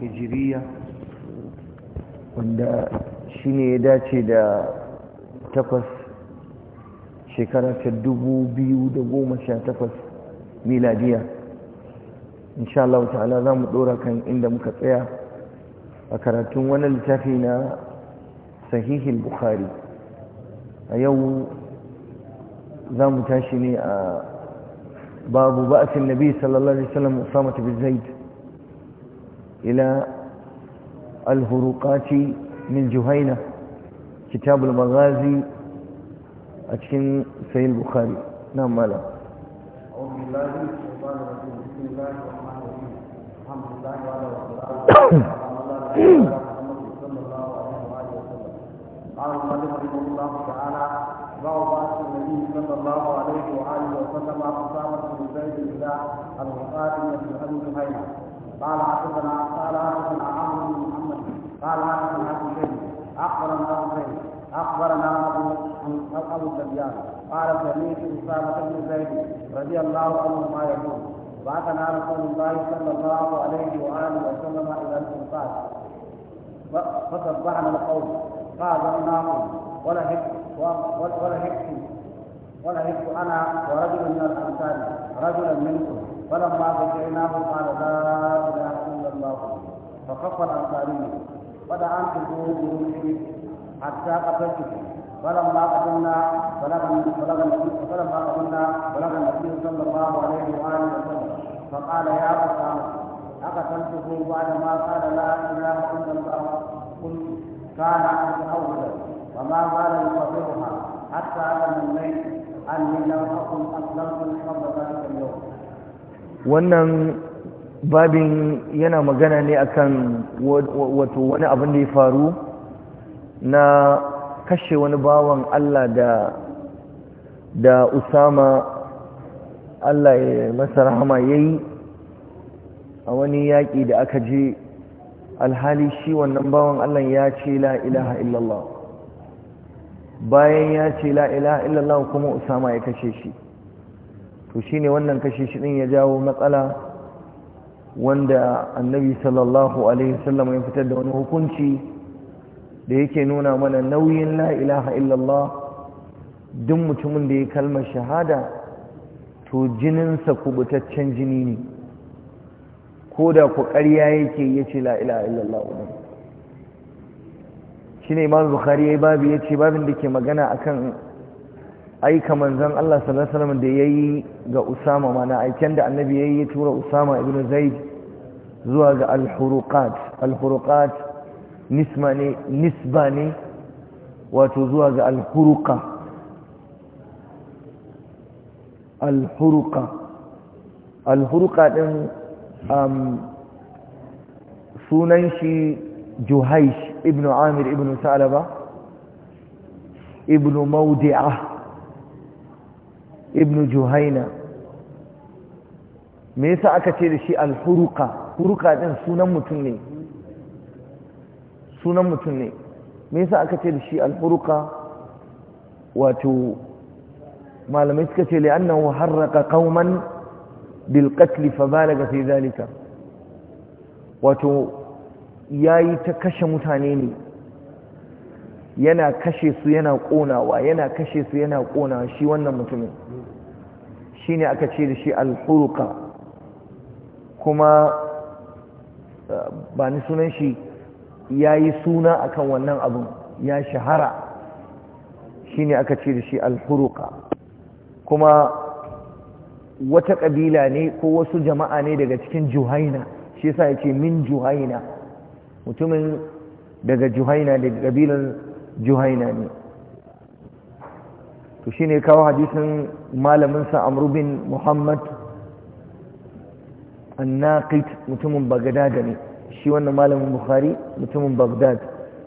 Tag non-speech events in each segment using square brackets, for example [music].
hijiriya wanda shi ne ya dace da takwas shekarar ta dubu biyu da goma sha takwas miladiya insha Allah ta'ala za mu ɗora kan inda muka tsaya a karatun wani littafi na sahihin bukhari a yau za mu tashi ne a باب بأس النبي صلى الله عليه وسلم أسامة بن زيد إلى الهروقات من جهينة كتاب المغازي أتكن سيد البخاري نعم مالا أعوذ بالله من الشيطان الرجيم بسم الله الرحمن الرحيم الحمد لله وعلى رسول الله صلى الله عليه وسلم قال المؤلف رحمه الله تعالى وبعث النبي صلى الله عليه واله وسلم اسامه بن زيد الى الغفاري بن ابي زهير قال حدثنا قال حدثنا عمرو بن محمد قال حدثنا ابو زيد اخبرنا ابو زيد اخبرنا ابو ابو سفيان قال سمعت اسامه بن زيد رضي الله عنه ما يقول بعثنا رسول الله صلى الله عليه واله وسلم الى الانصار فصبحنا القوم قابلناهم ولحقنا ولا ولا ولهبت انا ورجل من الانصار رجلا منكم فلما بكيناه قال لا اله الا الله فخف الانصاري فدعمت بروحه حتى قتلته فلما قدمنا بلغ بلغ فلما قدمنا بلغ النبي صلى الله عليه واله وسلم فقال يا ابا اقتلته بعد ما قال لا اله الا الله قلت كان عبد اولا وما زال حتى علم الليل لم قبل ذلك اليوم wannan babin yana magana ne akan wato wani abin da ya faru na kashe wani bawan Allah da da Usama Allah ya masa rahama yayi a wani yaƙi da aka je alhali shi wannan bawan Allah ya ce la ilaha illallah bayan ya ce la'ila illallah kuma usama ya kashe shi to ne wannan kashe shi din ya jawo matsala wanda annabi sallallahu alaihi ya fitar da wani hukunci da yake nuna mana nauyin la'ilaha illallah duk mutumin da ya kalmar shahada to jininsa kubutaccen jini ne ko da ku ƙarya yake ya ce la shine imam bukhari yayi babu yace babin da ke magana akan aika manzon Allah sallallahu alaihi wasallam da yayi ga Usama mana aiken da annabi yayi ya tura Usama ibn Zaid zuwa ga al-huruqat al nisba ne wato zuwa ga al-huruqa al al din um, sunan shi Juhaish ابن عامر ابن ثعلبة ابن مودعة ابن جهينة ميسا كثير شيء الحرقة حرقة دين سنم تنني سنم تنني ميسا كثير شيء الحرقة واتو ما لم يسكتي لأنه حرق قوما بالقتل فبالغ في ذلك واتو ya yi ta kashe mutane ne yana kashe su yana ƙonawa yana kashe su yana konawa shi wannan mutumin shi ne aka ce da shi alhuruka kuma eh, ba ni sunan shi ya yi suna akan wannan abin ya shahara shi ne aka ce da shi alhuruka kuma wata ƙabila ne ko wasu jama'a ne daga cikin juhaina shi yasa ya ce min juhaina mutumin daga juhaina da ƙabilan juhaina ne to shi ne kawo hadisun malaminsa amrubin muhammad annaqit mutumin bagdad ne shi wannan malamin bukhari mutumin bagdad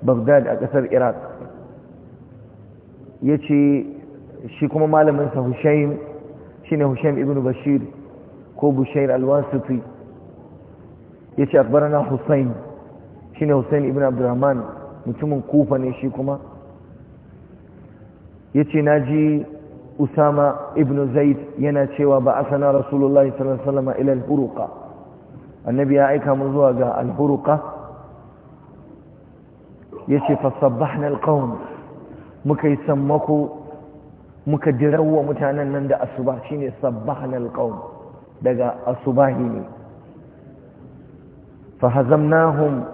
bagdad a ƙasar iraq ya ce shi kuma malaminsa hushaim shi ne hushaim ibn bashir ko bushair alwasiti ya ce akbarana husain shine Hussein ibn Abdurrahman mutumin Kufa ne shi kuma yace naji Usama ibn Zaid yana cewa ba asana Rasulullahi sallallahu alaihi wasallam ila al-huruqa annabi ya aika mu zuwa ga al-huruqa yace fa sabbahna al-qawm muka yi sammako muka dirawa mutanen nan da asuba shine sabbahna al-qawm daga asubahi ne fa hazamnahum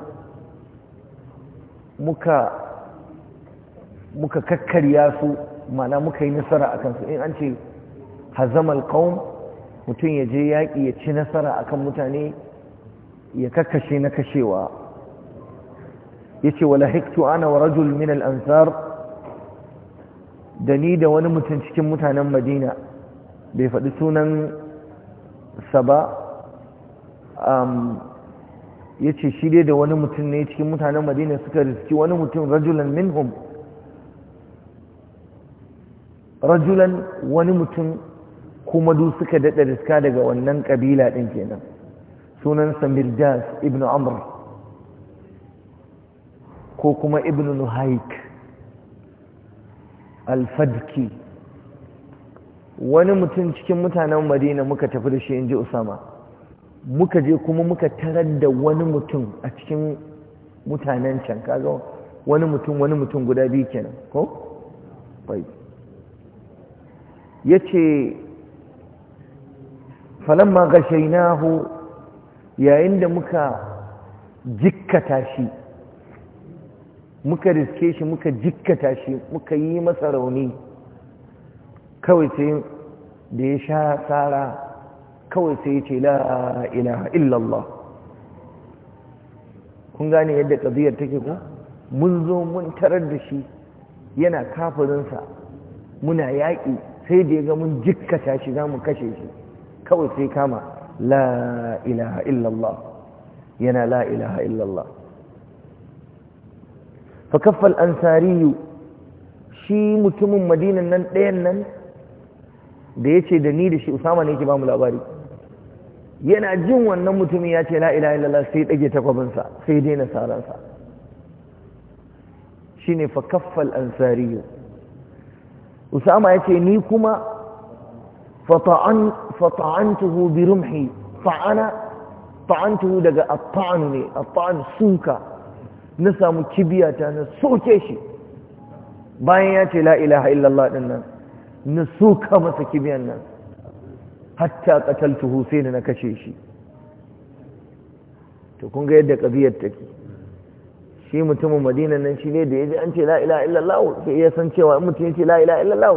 muka muka kakkarya su mana muka yi nasara a kansu in an ce hazamal qaum mutum ya je yaƙi ya ci nasara akan mutane ya kakkashe na kashewa ya ce wala hiktu ana wa rajul min al'ansar da ni da wani mutum cikin mutanen madina bai faɗi sunan sa ba um, ya ce shi dai da wani mutum ne cikin mutanen madina suka riski wani mutum rajulan minhum rajulan wani mutum kuma du suka daɗa riska daga wannan ƙabila ɗin kenan samir jas ibn amr ko kuma ibn nuhaik alfadki wani mutum cikin mutanen madina muka tafi da shi in ji usama muka je kuma muka tarar da wani mutum a cikin mutanen can kaga wani mutum wani mutum guda biyu kenan ko bai yace falamma gashainahu yayin da muka jikkata shi muka riske shi muka jikkata shi muka yi masa rauni kawai sai da ya sha tsara kawai sai ce la ilaha illallah kun gane yadda ƙaziyar take ko mun zo mun tarar da shi yana kafirinsa muna yaƙi sai da ya ga mun jikkata shi za mu kashe shi kawai sai kama la ilaha illallah yana la ilaha illallah fa kaffal shi mutumin madinan nan ɗayan nan da ya ce da ni da shi usama ne yake ba mu labari yana jin wannan mutumin ya ce la ilaha sai dai takwabinsa sai daina saransa shine fa kaffal ansariyu usama yace ni kuma fata'an fata'antuhu bi rumhi fa'ana ta'antuhu daga at ne at suka na samu kibiyata na soke shi bayan ya ce la ilaha illallah nan na suka masa kibiyan nan hatta qataltuhu sai na kashe shi to kun ga yadda kabiyar take shi mutumin madina nan shi ne da yaji an ce la ilaha illallah sai ya san cewa mutum ya ce la ilaha illallah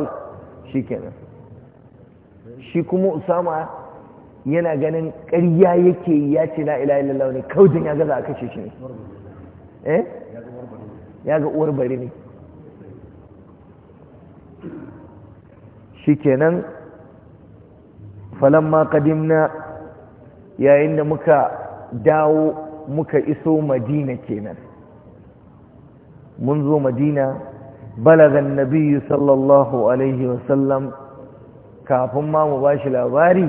shikenan shi kuma usama yana ganin ƙarya yake ya ce la ilaha illallah ne kaudin ya gaza a kashe shi ne eh ya ga uwar bari ne shikenan falamma qadimna yayin da muka dawo muka iso madina kenan mun zo madina balagan Nabiyyu sallallahu alaihi wasallam kafin ma mu bashi labari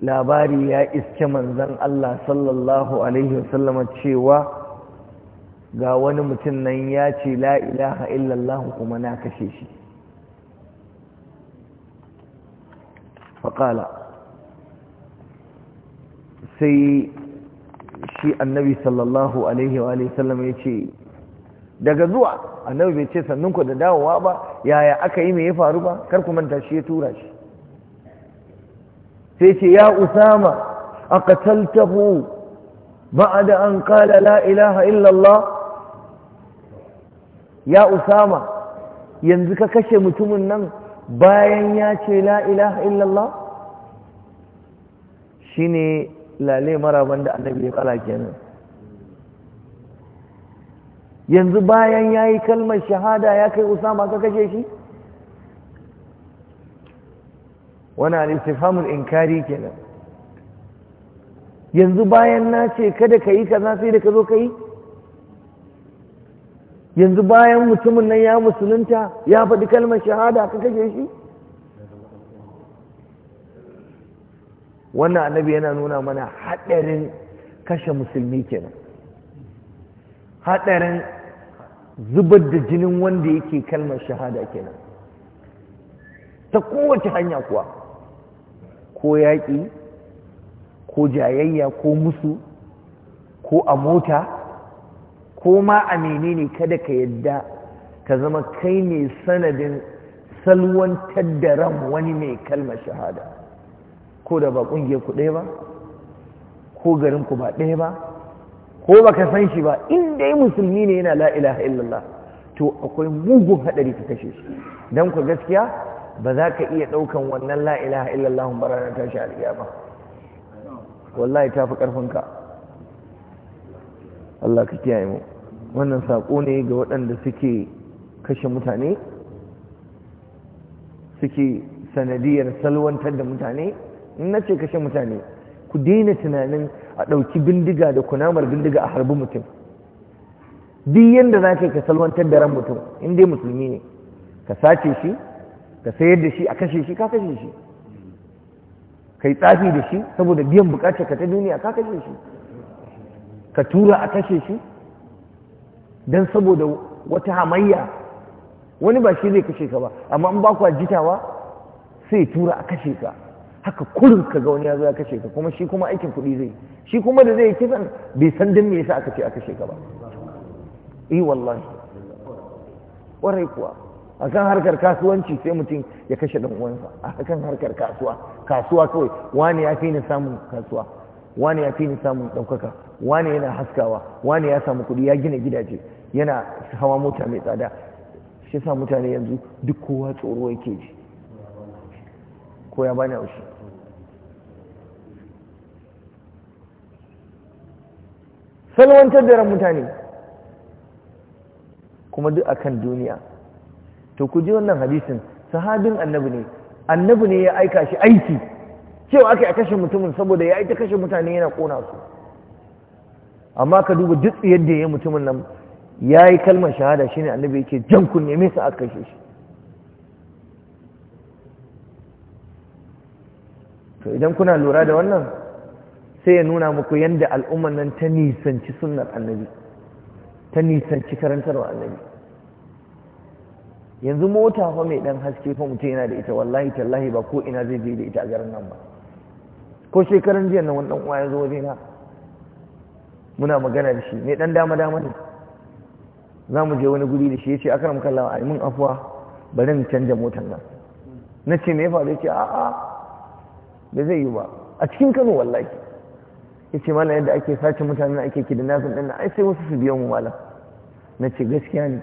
labari ya iske manzon Allah sallallahu alaihi wasallam cewa ga wani mutum nan ya ce la ilaha illallah kuma na kashe shi faƙala sai shi annabi sallallahu alaihi wa sallam ya ce daga zuwa annabi bai ce sannunku da dawowa ba yaya aka yi mai ya faru ba kar ku manta shi ya tura shi sai ce ya usama a kataltahu ba'ada an kala la ilaha illallah ya usama yanzu ka kashe mutumin nan bayan ya ce la ilaha illallah shine lale maraban da annabi ya fara kenan yanzu bayan ya yi kalmar shahada ya kai usama ka kashe shi wani al'istifamun inkari kenan yanzu bayan na ce kada ka yi kaza sai da ka zo ka yi yanzu bayan mutumin nan ya musulunta ya faɗi kalmar shahada ka kashe shi wannan annabi yana nuna mana haɗarin kashe musulmi kenan haɗarin zubar da jinin wanda yake kalmar shahada kenan ta kowace hanya kuwa ko yaƙi ko jayayya ko musu ko a mota Koma a menene kada ka yadda ka zama kai ne sanadin salwantar da ran wani mai kalmar shahada ko da ba ƙungiyar ku ɗaya ba ko garin ku ba ɗaya ba ko ba ka san shi ba in dai musulmi ne yana la'ilaha illallah to akwai mugun haɗari ka kashe su, don ku gaskiya ba za ka iya ɗaukan wannan la'ilaha illallah illallah ba ranar tashi alƙiya ba wallahi ta fi ƙarfinka Allah ka kiyaye mu wannan saƙo ne ga waɗanda suke kashe mutane suke sanadiyar salwantar da mutane na ce kashe mutane ku daina tunanin a ɗauki bindiga da kunamar bindiga a harbi mutum duk yadda za ka yi ka salwantar da ran mutum inda musulmi ne ka sace shi ka sayar da shi a kashe shi ka kashe shi ka yi tsafi da shi saboda biyan bukatar ka ta duniya ka kashe shi ka tura a kashe shi don saboda wata hamayya wani ba shi zai kashe ka ba amma an ba ku jitawa sai tura a kashe ka haka kurin ka ga wani ya zo ya kashe ka kuma shi kuma aikin kuɗi zai shi kuma da zai yi kisan bai san dan me yasa aka ce aka kashe ka ba eh wallahi warai kuwa a kan harkar kasuwanci sai mutum ya kashe ɗan uwansa a kan harkar kasuwa kasuwa kawai wani ya fi ni samun kasuwa wani ya fi ni samun ɗaukaka wani yana haskawa wani ya samu kuɗi ya gina gidaje yana hawa mota mai tsada shi sa mutane yanzu duk kowa tsoro yake ji ko ya bani aushi salwantar da ran mutane kuma duk akan duniya to ku ji wannan hadisin sahabin annabi ne annabi ne ya aika shi aiki cewa ake a kashe mutumin saboda ya yi ta kashe mutane yana kona su amma ka duba duk yadda ya mutumin nan ya yi kalmar shahada shine annabi yake jan kunne me sa aka kashe shi to idan kuna lura da wannan sai ya nuna muku yadda al'ummar nan ta nisanci sunnar annabi ta nisanci karantarwa annabi yanzu mota fa mai dan haske fa mutum yana da ita wallahi tallahi ba ko ina zai je da ita a garin nan ba ko shekaran jiya na wannan uwa ya zo waje na muna magana da shi ne dan dama dama ne za mu je wani guri da shi ya ce akaram kallawa a yi afuwa bari mu canja motar nan na ce me faru ya ce a'a da zai yi ba a cikin kano wallaki." ya ce malam yadda ake sace mutane ake kidnapping ɗin na ai sai wasu su biyo mu malam na ce gaskiya ne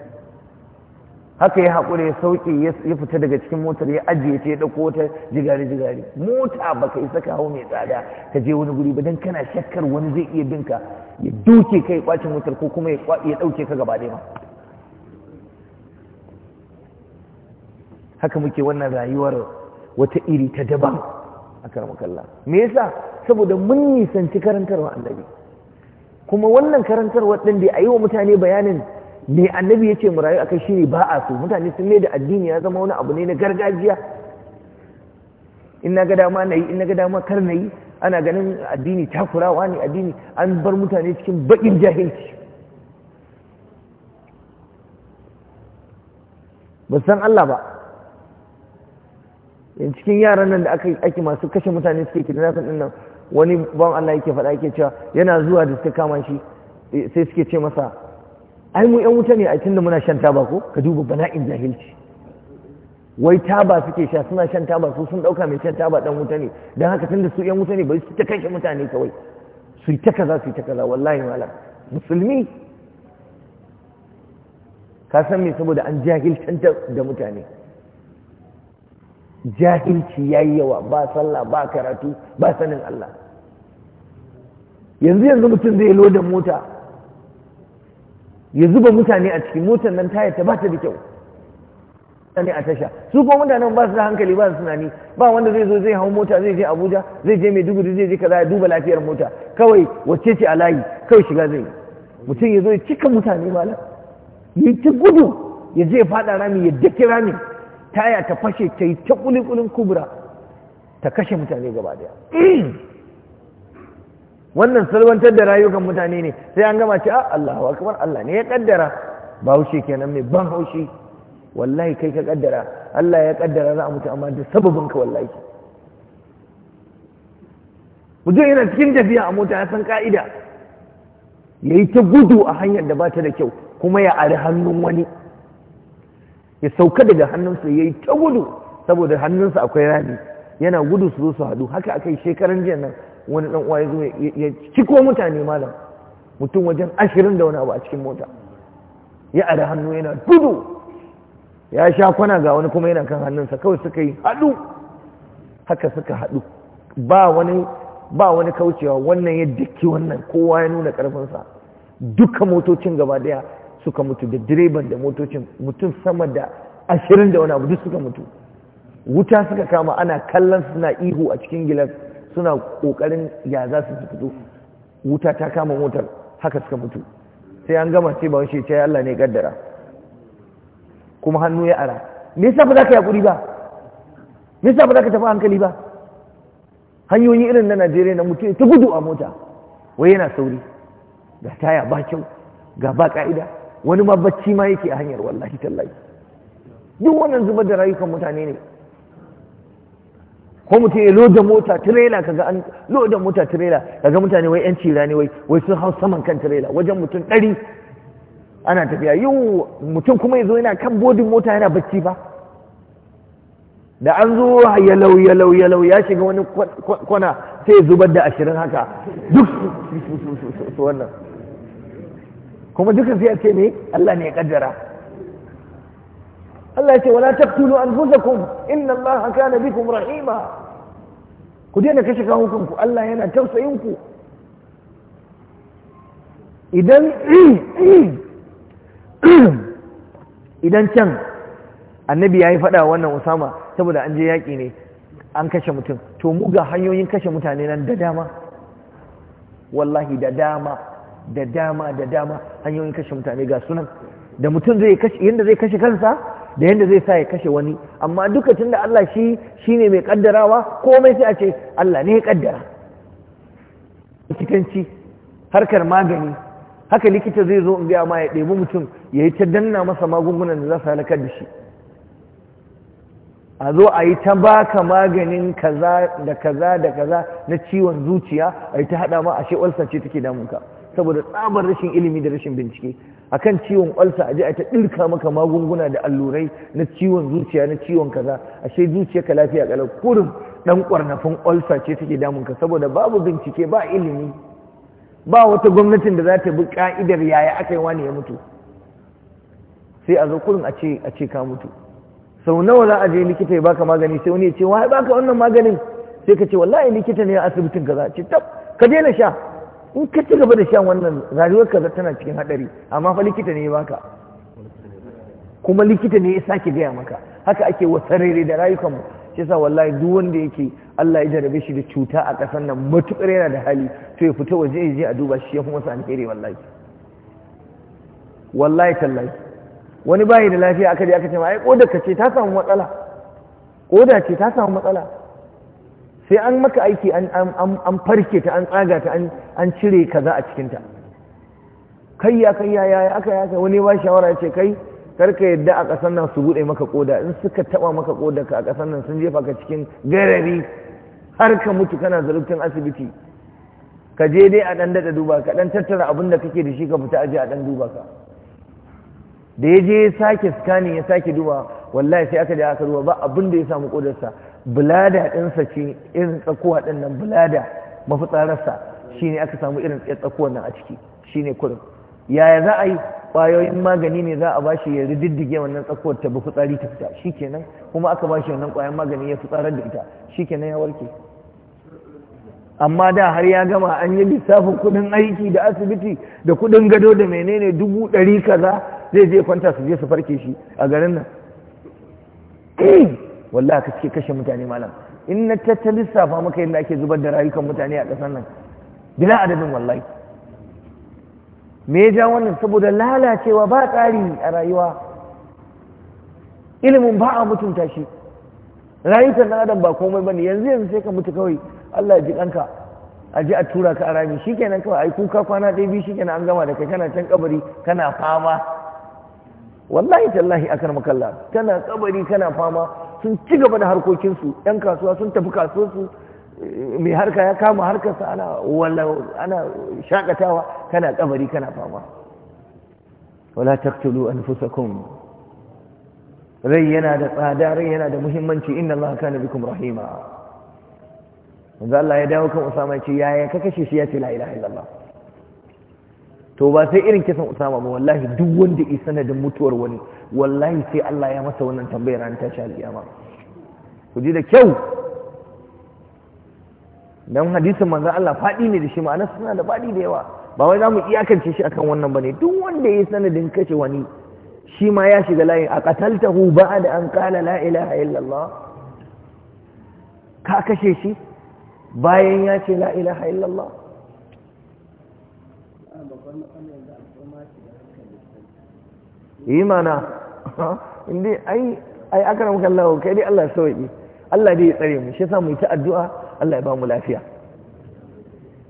haka ya haƙura ya sauke ya fita daga cikin motar ya ajiye ta ya ɗauko ta jigari jigari mota ba ka isa kawo mai tsada ka je wani guri ba don kana shakkar wani zai iya bin ka ya doke ka ya ƙwace motar ko kuma ya ɗauke ka gaba ɗaya haka muke wannan rayuwar wata iri ta daban a karamakalla me yasa saboda mun nisanci karantarwa annabi kuma wannan karantarwa ɗin da a yi wa mutane bayanin me annabi ya ce mu rayu akai shi ba a so mutane sun da addini ya zama wani abu ne na gargajiya in na ga dama na yi in na dama kar na yi ana ganin addini takurawa ne addini an bar mutane cikin baƙin jahilci ba san Allah ba in cikin yaran nan da aka ake masu kashe mutane suke kidnapping din nan wani ban Allah yake faɗa yake cewa yana zuwa da suka kama shi sai suke ce masa ai mu yan wuta ne a tunda muna shan taba ko ka duba bana'in jahilci wai taba suke sha suna shan taba su sun dauka mai shan taba dan wuta ne dan haka tunda su yan wuta ne bai su ta kashe mutane kawai su ta kaza su ta kaza wallahi malam musulmi ka san me saboda an jahilcanta da mutane jahilci yayi yawa ba sallah ba karatu ba sanin Allah yanzu yanzu mutum zai loda mota ya zuba mutane a cikin motar nan tayar ta ba ta da kyau mutane a tasha su kuma mutanen ba su da hankali ba su tunani ba wanda zai zo zai hau mota zai je abuja zai je mai maiduguri zai je kaza ya duba lafiyar mota kawai wacce ce a layi kawai shiga zai mutum ya zo ya cika mutane malam ya ta gudu ya je faɗa rami ya dake rami taya ta fashe ta yi ta kulikulin kubura ta kashe mutane gaba daya [clears throat] wannan salwantar da rayukan mutane ne sai an gama ce a ah, Allahu kamar Allah ne ya kaddara ba haushi kenan mai ban haushi wallahi kai ka kaddara Allah ya kaddara za a mutu amma da sababin ka wallahi mutum yana cikin tafiya a mota ya san ka'ida ya yi ta gudu a hanyar da ba ta da kyau kuma ya ari hannun wani ya sauka daga hannunsa ya yi ta gudu saboda hannunsa akwai rami yana gudu su zo su haɗu haka akai shekaran jiya nan wani dan uwa ya zo ya ciko mutane malam mutum wajen ashirin da wani abu a cikin mota ya ada hannu yana dudu. ya sha kwana ga wani kuma yana kan hannunsa kawai suka yi haɗu haka suka haɗu ba wani kaucewa wannan ya dukki wannan kowa ya nuna ƙarfinsa duka motocin gaba daya suka mutu da direban da motocin mutum sama da ashirin da wani abu duk suka mutu wuta suka kama ana kallon suna ihu a cikin gilas suna kokarin ya za su fito wuta ta kama motar haka suka mutu sai an gama ce ba wani ce Allah ne gaddara. kuma hannu ya ara me yasa ba za ka yakuri ba me yasa ba za ka tafi hankali ba hanyoyi irin na Najeriya na mutu ta gudu a mota wai yana sauri ga taya ba kyau ga ba ka'ida wani ma bacci ma yake a hanyar wallahi tallahi duk wannan zubar da rayukan mutane ne ko mutum ya loda mota tirela kaga an loda mota tirela kaga mutane wai yan cira ne wai wai sun hau saman kan tirela wajen mutum ɗari ana tafiya yau mutum kuma ya zo yana kan bodin mota yana bacci ba da an zo yalau yalau yalau ya shiga wani kwana sai ya zubar da ashirin haka duk su [laughs] wannan kuma dukkan sai ya ce ne Allah ne ya kaddara Allah ya ce wala taqtulu anfusakum inna Allah kana bikum rahima ku daina kashe kan hukunku Allah yana tausayin ku idan [clears throat] idan can annabi ya yi wannan usama saboda an je yaki ne an kashe mutum to mu ga hanyoyin kashe mutane nan da dama wallahi da dama da dama da dama hanyoyin kashe mutane ga sunan da mutum zai kashe yadda zai kashe kansa da yadda zai sa ya kashe wani amma duka tunda Allah shi shi ne mai kaddarawa komai sai a ce Allah ne ya kaddara likitanci harkar magani haka likita zai zo in biya ma ya ɗebi mutum ya yi ta danna masa magungunan da za su halakar da shi a zo a yi ta baka maganin kaza da kaza da kaza na ciwon zuciya a yi ta haɗa ma a ce ulcer ce take damunka saboda tsabar rashin ilimi da rashin bincike a kan ciwon ulcer a je a ta ɗirka maka magunguna da allurai na ciwon zuciya na ciwon kaza ashe zuciya ka lafiya ƙalar Kurin ɗan ƙwarnafin ulcer ce take damun ka saboda babu bincike ba ilimi ba wata gwamnatin da za ta bi ka'idar yaya aka yi wani ya mutu sai a zo kurin a ce ka mutu sau nawa za a je likita ya baka magani sai wani ya ce wa ya baka wannan maganin sai ka ce wallahi likita ne a asibitin kaza ce tab ka daina sha in ka ci gaba da shan wannan rayuwarka tana cikin haɗari amma fa likita ne ya baka kuma likita ne ya sake gaya maka haka ake wasarere da rayukanmu shi yasa wallahi duk wanda yake Allah ya jarabe shi da cuta a ƙasar nan matukar yana da hali to ya fita waje ya je a duba shi ya kuma sa alheri wallahi wallahi tallahi wani bayi da lafiya aka je aka ce ma ai da ka ta samu matsala da ce ta samu matsala sai an maka aiki an farke ta an tsaga ta an cire kaza a cikinta kai ya kai ya ya aka yaka wani ba shawara ya ce kai karka yadda a ƙasar nan su buɗe maka koda in suka taɓa maka koda ka a ƙasar nan sun jefa ka cikin garari har ka mutu kana zarubtin asibiti ka je dai a ɗan daɗa duba ka ɗan tattara abin da kake da shi ka fita aje a ɗan duba ka da ya je sake scanning ya sake duba wallahi sai aka je aka duba ba abin da ya samu kodarsa. bulada ɗinsa ce irin tsakuwa ɗin nan bulada mafitsararsa ne aka samu irin tsakuwan nan a ciki shi ne kurin yaya za a yi ƙwayoyin magani ne za a ba shi ya riddige wannan tsakuwar ta bi fitsari ta fita shi kenan kuma aka ba shi wannan ƙwayoyin magani ya fitsarar da ita shi kenan ya warke amma da har ya gama an yi lissafin kuɗin aiki da asibiti da kuɗin gado da menene dubu ɗari kaza zai je kwanta su je su farke shi a garin nan wallahi ka suke kashe mutane malam in na tattalin safa maka yadda ake zubar da rayukan mutane a ƙasar nan bila adadin wallahi me ya ja wannan saboda lalacewa ba tsari a rayuwa ilimin ba a mutunta shi rayukan na adam ba komai ba ne, yanzu yanzu sai ka mutu kawai Allah ya ji kanka a ji a tura ka a rami shikenan kawai ai kuka kwana ɗaya biyu shikenan an gama da kai kana can kabari kana fama wallahi tallahi akar makalla kana kabari kana fama sun ci gaba da harkokinsu 'yan kasuwa sun tafi kasuwarsu mai harka ya kama harkarsa ana wala ana shakatawa kana kabari kana fama wala taqtulu anfusakum rai yana da tsada rai yana da muhimmanci inna allaha kana bikum rahima manzo ya dawo kan Usama ya ce yaya ka kashe shi ya ce la ilaha illallah to ba sai irin kisan usama ba wallahi duk wanda yi sanadin mutuwar wani wallahi sai Allah ya masa wannan tambayar ran shi alƙiyama ku ji da kyau dan hadisin manzon Allah faɗi ne da shi ma'ana suna da faɗi da yawa ba wai mu iyakance shi akan wannan ba ne. duk wanda yi sanadin kashe wani shi ma ya shiga layin a ba da an qala la ilaha illallah ka kashe shi bayan ya ce la ilaha illallah yi mana [laughs] inda ai ai aka ramu lawo kai dai Allah ya sauki Allah dai ya tsare mu shi yasa mu yi ta addu'a Allah ya ba mu lafiya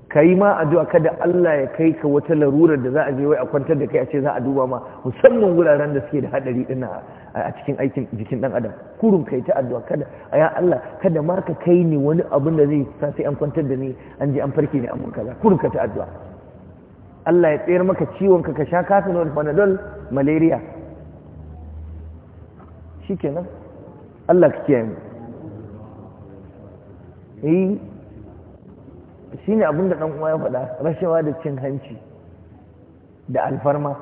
kai ma addu'a kada Allah ya kai ka wata larurar da za a je wai a kwantar da kai a ce za a duba ma musamman wuraren da suke da hadari din a cikin aikin jikin dan adam kurun kai ta addu'a kada ya Allah kada ma ka kai ni wani abin da zai sa sai an kwantar da ni an je an farke ni a kaza kurun ka ta addu'a Allah ya tsayar maka ciwon ka sha sha kafinol panadol malaria shi kenan Allah ka kiyaye mu yi eh, shi ne abinda ɗan uwa ya faɗa rashawa da cin hanci da alfarma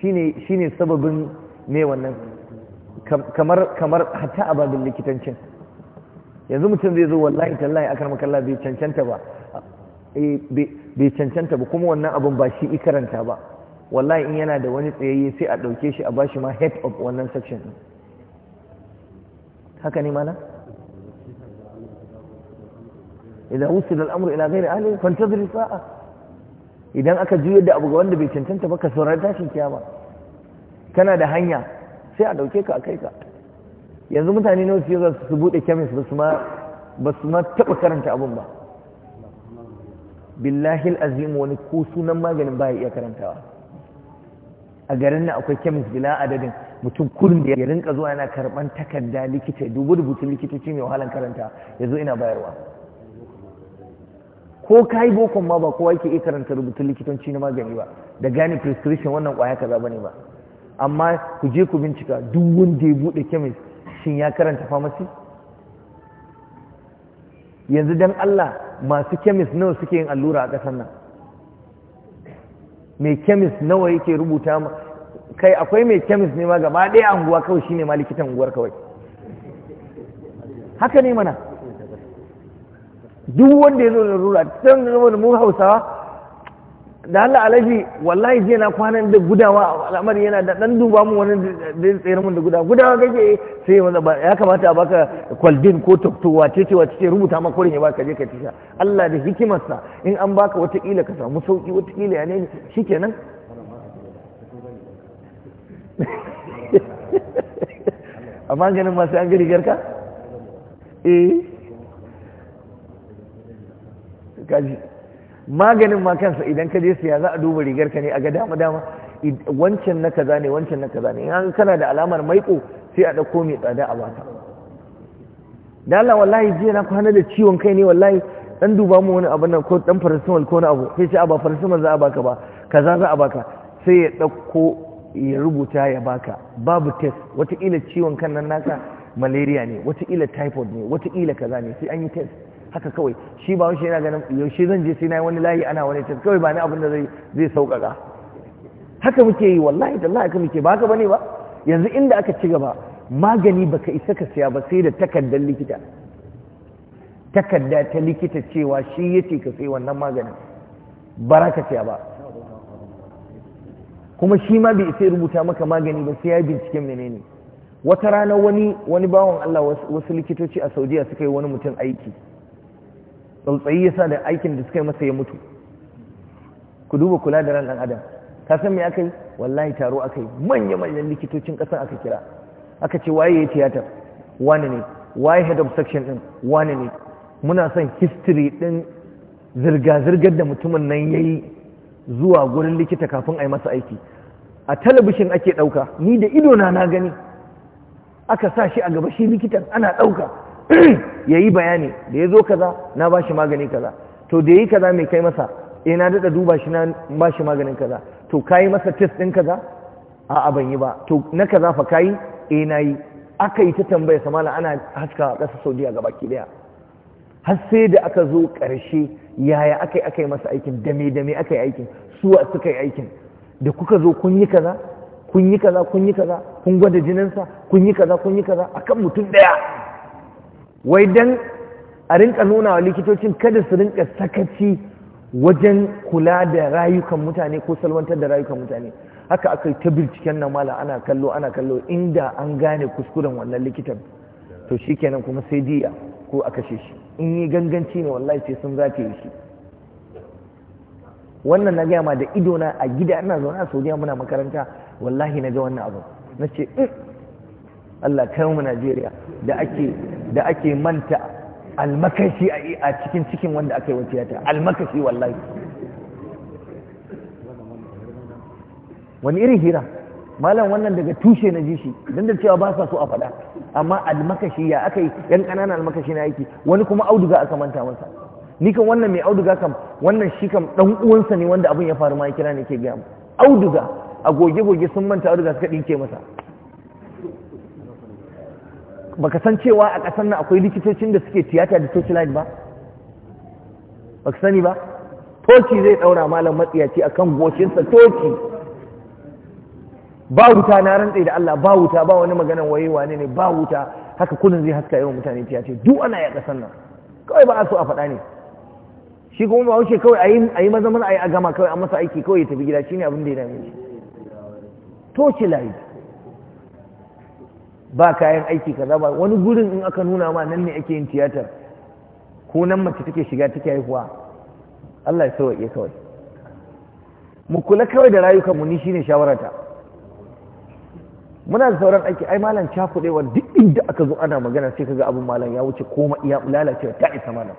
shi ne sababin ne wannan kamar kamar hatta babin likitancin yanzu mutum zai zo wallahi tallahi akar makalla bai cancanta ba eh, bai cancanta ba kuma wannan abun ba shi ikaranta ba wallahi in yana da wani tsayayye sai a ɗauke shi a bashi ma head of wannan section ɗin haka ne mana idan wusul al'amur ila gairi kwanta zuri sa'a idan aka juya da abu ga wanda bai cancanta ba ka saurari tashin kiyama kana da hanya sai a ɗauke ka a kai ka yanzu mutane ne su buɗe kemis ba su ma taɓa karanta abun ba billahi azim wani ko sunan maganin baya iya karantawa a garin nan akwai kemis bila adadin mutum kullum da ya rinka zuwa yana karban takarda likita dubu rubutun likitoci mai wahalan karanta ya zo ina bayarwa ko ka yi bokon ma ba kowa yake iya karanta rubutun likitanci na magani ba da gane prescription wannan kwaya kaza bane ba amma ku je ku bincika duk wanda ya bude kemis shin ya karanta famasi? yanzu dan Allah masu kemis nawa suke yin allura a ƙasar nan mai kemis nawa yake rubuta ma kai akwai mai kemis ne ma gaba ɗaya anguwa kawai shi ne ma likitan unguwar kawai haka ne mana duk wanda ya zo da rura don zama da mu hausawa da Allah alaji wallahi jiya na kwanan da gudawa a' al'amari yana da dan duba mu wani da tsayar mun da gudawa gudawa kake sai wanda ba ya kamata a baka kwaldin ko tokto wace ce wace rubuta maka kurin ya baka je ka tisha Allah da hikimarsa in an baka wata kila ka samu sauki wata kila ya ne shikenan [laughs] amma ganin masu an gari garka eh kaji maganin ma kansa idan ka je siya za a duba rigar ka ne a ga dama dama wancan na kaza ne wancan na kaza ne in kana da alamar maiƙo sai a ɗauko mai tsada a baka da Allah wallahi jiya na kwana da ciwon kai ne wallahi dan duba mu wani abu nan ko dan paracetamol ko na abu sai sai a ba paracetamol za a baka ba kaza za a baka sai ya ɗauko ya rubuta ya baka babu test wataƙila ciwon kan nan naka malaria ne wataƙila typhoid ne wataƙila kaza ne sai an yi test haka kawai shi ba shi yana ganin yaushe zan je sai na yi wani layi ana wani ta kawai ba ni abin da zai zai sauƙaƙa haka muke yi wallahi da Allah haka muke ba haka bane ba yanzu inda aka ci gaba magani baka isa ka siya ba sai da takardar likita takarda ta likita cewa shi yace ka sai wannan maganin bara siya ba kuma shi ma bai isa rubuta maka magani ba sai ya binciken menene wata rana wani wani bawan Allah wasu likitoci a Saudiya suka yi wani mutum aiki tsautsayi ya sa da aikin da suka yi masa ya mutu ku duba kula da ran ɗan adam ka san me aka yi wallahi taro aka yi manya-manyan likitocin ƙasar aka kira aka ce waye ya tiyatar wani ne waye head of section ɗin wani ne muna son history ɗin zirga-zirgar da mutumin nan ya yi zuwa gurin likita kafin a yi masa aiki a talabishin ake ɗauka ni da idona na gani aka sa shi a gaba shi likitan ana ɗauka [clears throat] ya yi bayani da ya zo kaza na ba shi magani kaza to da ya yi kaza mai kai masa ya eh, na daɗa duba shi na ba shi maganin kaza to ka yi masa test ɗin kaza a ban yi ba to na kaza fa ka yi eh na yi aka yi ta tambaya samala ana haska a ƙasa saudiya gaba ki ɗaya har sai da aka zo ƙarshe yaya aka yi aka yi masa aikin dame dame aka yi aikin a suka yi aikin da kuka zo kun yi kaza kun yi kaza kun yi kaza kun gwada jininsa kun yi kaza kun yi kaza akan mutum ɗaya wai don a rinka nuna wa likitocin kada su rinka sakaci wajen kula da rayukan mutane ko salwantar da rayukan mutane haka aka yi ta binciken na mala ana kallo ana kallo inda an gane kuskuren wannan likitan to shi kenan kuma sai jiya ko a kashe shi in yi ganganci ne wallahi sai sun zace shi wannan na gaya ma da idona a gida ina zaune a saudiya muna makaranta wallahi na ga wannan abu na ce mm, Allah kai mu Najeriya da ake da ake manta almakashi a cikin cikin wanda aka yi wa ta almakashi wallahi wani irin hira malam wannan daga tushe na ji shi don da cewa ba sa so a faɗa amma almakashi ya aka yi yan ƙananan almakashi na aiki wani kuma auduga aka manta masa ni kan wannan mai auduga kam wannan shi kam dan uwansa ne wanda abin ya faru ma ya kira ne ke gaya auduga a goge-goge sun manta auduga suka ɗinke masa baka san cewa a ƙasar nan akwai likitocin da suke tiyata da torchlight ba baka sani ba Toki zai ɗaura malam matsiyaci a kan goshinsa toki ba wuta na rantse da Allah ba wuta ba wani maganan waye wane ne ba wuta haka kullum zai haska yawan mutane tiyace duk ana ya ƙasar nan kawai ba a so a faɗa ne shi kuma ba wuce kawai a yi maza mana a yi a gama kawai a masa aiki kawai ya tafi gida shi ne abin da ya dame shi Toki ba kayan aiki kaza ba wani gurin in aka nuna ma nan ne ake yin tiyatar ko nan mace take shiga take haihuwa Allah ya sauke kawai mu kula kawai da rayukan mu ni shine shawarata muna da sauran aiki ai malam cakudewa duk inda aka zo ana magana sai kaga abun malam ya wuce koma iya lalacewa ta isa malam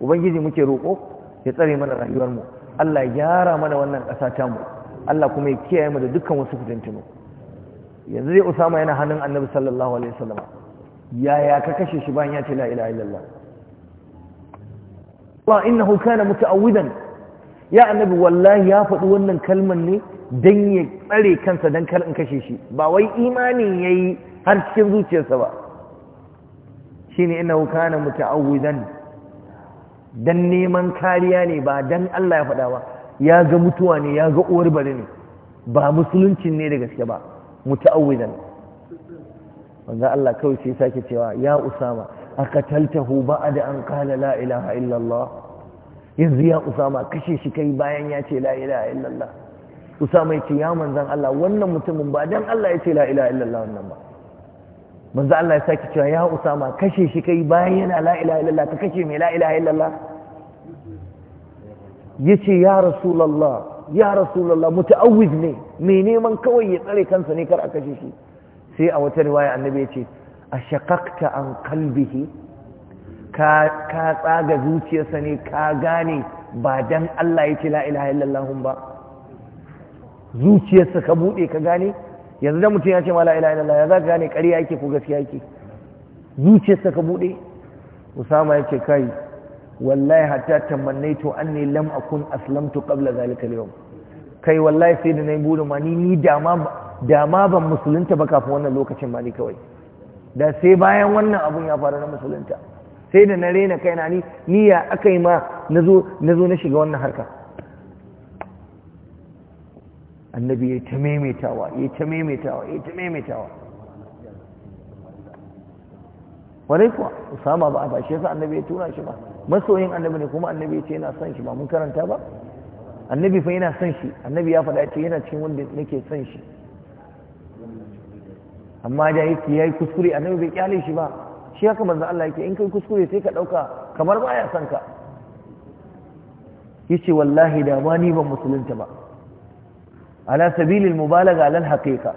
ubangiji muke roko ya tsare mana rayuwar mu Allah ya gyara mana wannan ƙasa ta mu Allah kuma ya kiyaye mu da dukkan wasu fitintunu yanzu zai usama yana hannun annabi sallallahu alaihi wasallam yaya ka kashe shi bayan ya ce la ilaha illallah wa innahu kana muta'awwidan ya annabi wallahi ya faɗi wannan kalman ne dan ya tsare kansa dan kar in kashe shi ba wai imani yayi har cikin zuciyarsa ba shine innahu kana muta'awwidan dan neman kariya ne ba dan Allah ya faɗa ba ya ga mutuwa ne ya ga uwar bari ne ba musulunci ne da gaske ba muta'awwidan manzo Allah kawai sai sake cewa ya usama akataltahu ba'da an qala la ilaha illa Allah yanzu ya usama kashe shi kai bayan ya ce la ilaha usama ya ce ya manzon Allah wannan mutumin ba dan Allah ya ce la ilaha illa ba manzo Allah ya sake cewa ya usama kashe shi kai bayan yana la ilaha ka kashe yace ya rasulullah ya rasulullah muta'awwiz ne mai neman kawai ya tsare kansa ne kar a kashe shi sai a wata riwaya annabi yace a ashaqaqta an qalbihi ka ka tsaga zuciyarsa ne ka gane ba dan Allah ya ce la ilaha illallah ba zuciyarsa ka bude ka gane yanzu da mutum ya ce ma la ilaha illallah ya za ka gane ƙarya yake ko gaskiya yake zuciyarsa ka bude usama ya ce kai wallahi hatta tamannaitu anni lam akun aslamtu qabla zalika al-yawm kai wallahi sai da nayi buru ma ni ni dama dama ban musulunta ba kafin wannan lokacin ma ni kawai da sai bayan wannan abun ya faru na musulunta sai da na rena kaina ni ni ya akai ma nazo nazo na shiga wannan harka annabi ya ta maimaitawa ya ta maimaitawa ya ta maimaitawa warai kuwa usama ba a ba shi yasa annabi ya tura shi ba masoyin annabi ne kuma annabi ya ce yana son shi ba mun karanta ba annabi fa yana son shi annabi ya faɗa ce yana cikin wanda nake son shi amma da yake yayi kuskure annabi bai kyale shi ba shi haka manzo Allah yake in kai kuskure sai ka dauka kamar ba ya son ka yace wallahi da ma ni ban musulunta ba ala sabilil mubalaga lal haqiqa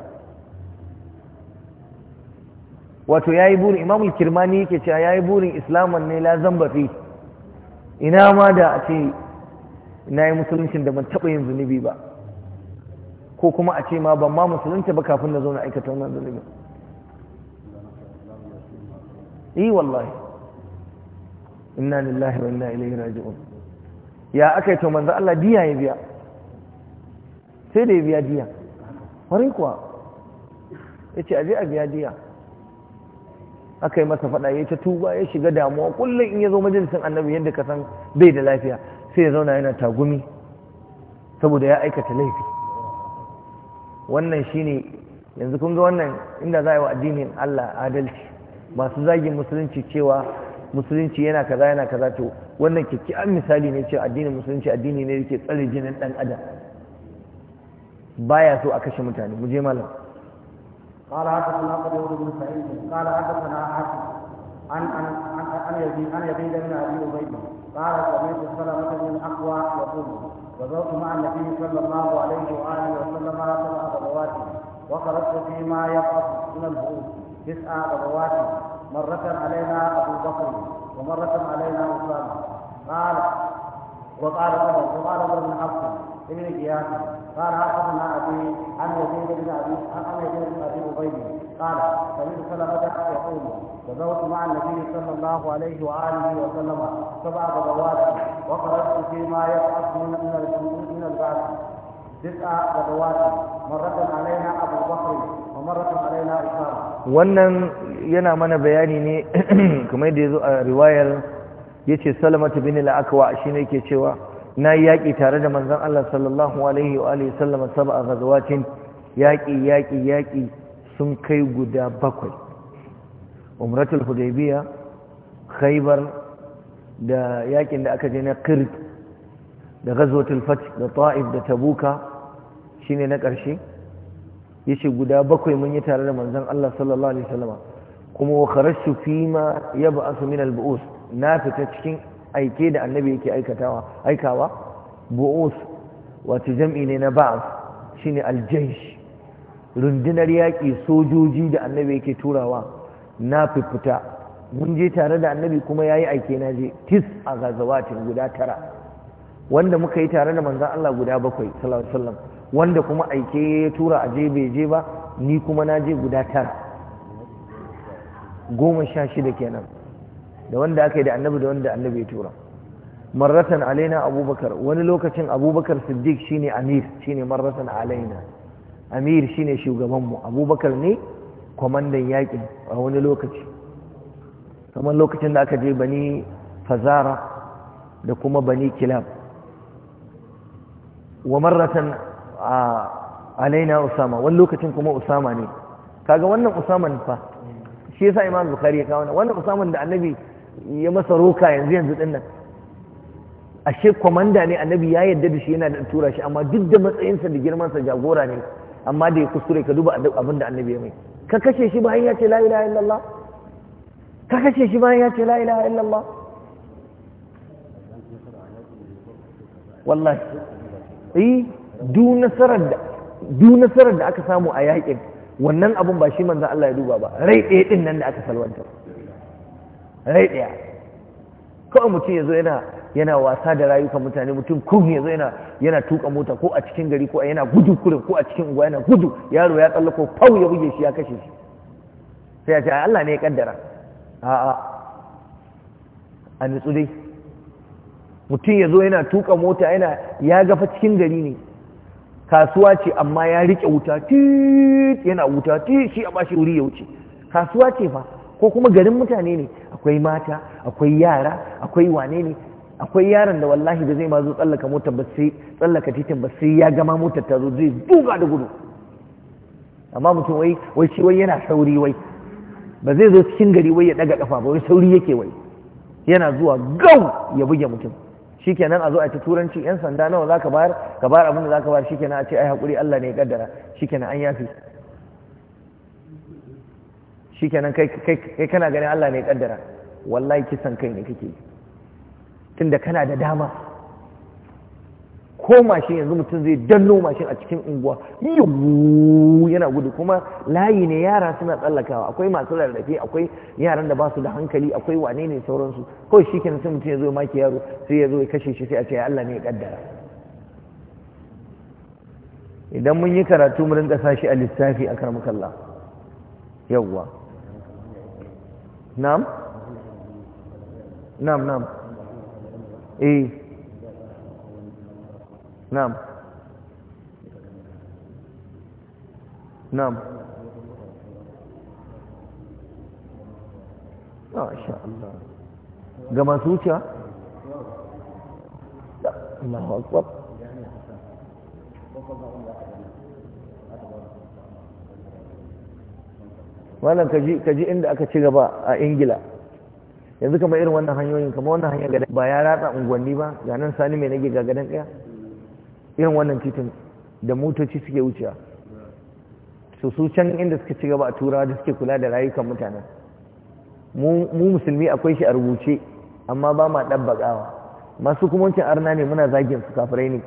wato yayi burin imamul kirmani yake cewa yayi burin islaman ne la zamba fi ina ma da a ce na yi musuluncin da ban taɓa yin zunubi ba ko kuma a ce ma ban ma musulunci ba kafin na zo na aikata wannan zunubi yi eh, wallahi inna lillahi wa inna ilaihi raji'un ya aka yi to manzo Allah diya ya biya sai da ya biya diya kwarai kuwa ya ce aje a biya diya aka yi masa faɗa ya ta tuba ya shiga damuwa kullum in ya zo majalisar annabi yadda ka san bai da lafiya sai ya zauna yana tagumi saboda ya aikata laifi wannan shine yanzu kun ga wannan inda za a yi wa addinin Allah adalci masu zagin musulunci cewa musulunci yana kaza yana kaza to wannan kyakkyawan misali ne cewa addinin musulunci addini ne da ke tsare jinin dan adam baya so a kashe mutane mu je malam قال حدثنا قريب بن سعيد قال حدثنا حاتم عن عن عن يزيد عن يزيد بن ابي عبيد قال سمعت سلمة بن اقوى يقول غزوت مع النبي صلى الله عليه واله وسلم سبع غزوات وخرجت فيما يقف من الهروب تسع غزوات مرة علينا ابو بكر ومرة علينا اسامة قال وقال عمر وقال ابن بن حفص ابن زياد قال حدثنا ابي عن يزيد بن ابي عن يزيد بن ابي عبيد قال سمعت سلمة يقول غزوت مع النبي صلى الله عليه واله وسلم سبع غزوات وخرجت فيما يبعث من من من البعث تسع غزوات مرة علينا ابو بكر ومرة علينا اسامه wannan yana mana bayani ne kamar da ya zo a riwayar ya ce salamatu bin al'akawa shi ne ke cewa na yi yaƙi tare da manzan Allah sallallahu alaihi wa alihi sallama sab'a ghazwatin yaƙi yaƙi yaƙi sun kai guda bakwai umratul hudaybiya khaybar da yaƙin da aka je na Kirk da ghazwatul fath da ta'if da tabuka shine na ƙarshe ya ce guda bakwai mun yi tare da manzan Allah sallallahu alaihi wa sallama kuma wa fima yab'asu min buus na fita cikin aike da annabi yake aikatawa aikawa bu'us wato jam'i ne na ba'as shine aljaish rundunar yaki sojoji da annabi yake turawa na fifita mun je tare da annabi kuma yayi aike na je tis a gazawatin guda tara wanda muka yi tare da manzon Allah guda bakwai sallallahu alaihi wanda kuma aike ya tura a je bai je ba ni kuma na je guda tara goma sha shida kenan da wanda aka yi da annabi da wanda annabi ya tura marratan alaina abubakar wani lokacin abubakar siddiq shine amir shine marratan alaina amir shine shugabanmu abubakar ne kwamandan yakin a wani lokaci kamar lokacin da aka je bani fazara da kuma bani kilab wa marratan alaina usama wani lokacin kuma usama ne kaga wannan usaman fa shi yasa imam bukhari ya kawo wannan usaman da annabi ya masa roka yanzu yanzu din nan ashe kwamanda ne annabi ya yarda da shi yana da tura shi amma duk da matsayinsa da girmansa jagora ne amma da ya kuskure ka duba abin da annabi ya mai ka kashe shi bayan ya ce la ilaha illallah ka kashe shi bayan ya ce la ilaha illallah wallahi eh du nasarar da du nasarar da aka samu a yakin wannan abun ba shi manzon Allah ya duba ba rai ɗaya din nan da aka salwanta rai ɗaya kawai mutum ya zo yana yana wasa da rayuka mutane mutum kurum ya zo yana yana tuka mota ko a cikin gari ko yana gudu kurin ko a cikin unguwa yana gudu yaro ya tsallako fau ya buge shi ya kashe shi sai ya ce Allah ne ya kaddara a'a a nutsu dai mutum ya zo yana tuka mota yana ya gafa cikin gari ne kasuwa ce amma ya rike wuta tit yana wuta tit shi a bashi wuri ya wuce kasuwa ce fa ko kuma garin mutane ne akwai mata akwai yara akwai wane ne akwai yaron da wallahi da zai ma zo tsallaka mota ba sai tsallaka titin ba sai ya gama motar ta zo zai duga da gudu amma mutum wai wai shi wai yana sauri wai ba zai zo cikin gari wai ya daga kafa ba wai sauri yake wai yana zuwa gau ya buge mutum shikenan a zo a ta turanci yan sanda nawa zaka bayar ka bayar abin da zaka bayar shikenan a ce ai hakuri Allah ne ya kaddara shikenan an yafi shikenan kai kai kana ganin Allah ne ya kaddara wallahi kisan kai ne kake tunda kana da dama ko mashin yanzu mutum zai danno mashin a cikin unguwa yana gudu kuma layi ne yara suna tsallakawa akwai masu rarrafe akwai yaran da ba su da hankali akwai wane ne sauransu ko shi kenan sai mutum ya zo maki yaro sai ya zo ya kashe shi sai a ce Allah ne ya kaddara idan mun yi karatu mu rinka sashi a lissafi a karmukallah yawwa na'am na'am na'am eh na'am na'am masha Allah ga malam kaji inda aka cigaba a ingila yanzu kamar irin wannan hanyoyin kamar wannan hanyar gadan ba ya ratsa unguwanni ba ga nan sani mai nage ga gadan ɗaya irin wannan titin da motoci suke wucewa su su can inda suka ci gaba a turawa da suke kula da rayukan mutanen mu musulmi akwai shi a rubuce amma ba ma ɗabbaƙawa masu kuma arna ne muna zagin su kafirai ne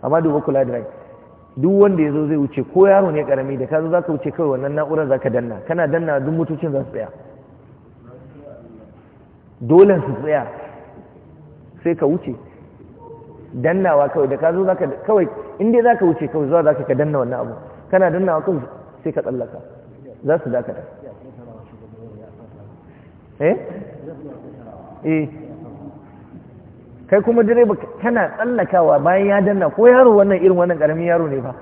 amma duba kula da rai duk wanda ya zo zai wuce ko yaro ne karami da ka zo za ka wuce kawai wannan na'urar za ka danna kana danna duk motocin za su tsaya dole su tsaya sai ka wuce dannawa kawai da ka zo zaka kawai inda zaka wuce kawai zuwa zaka ka danna wannan abu kana dannawa kawai sai ka tsallaka za su dakata eh eh kai kuma direba kana tsallakawa bayan ya danna ko yaro wannan irin wannan karamin yaro ne ba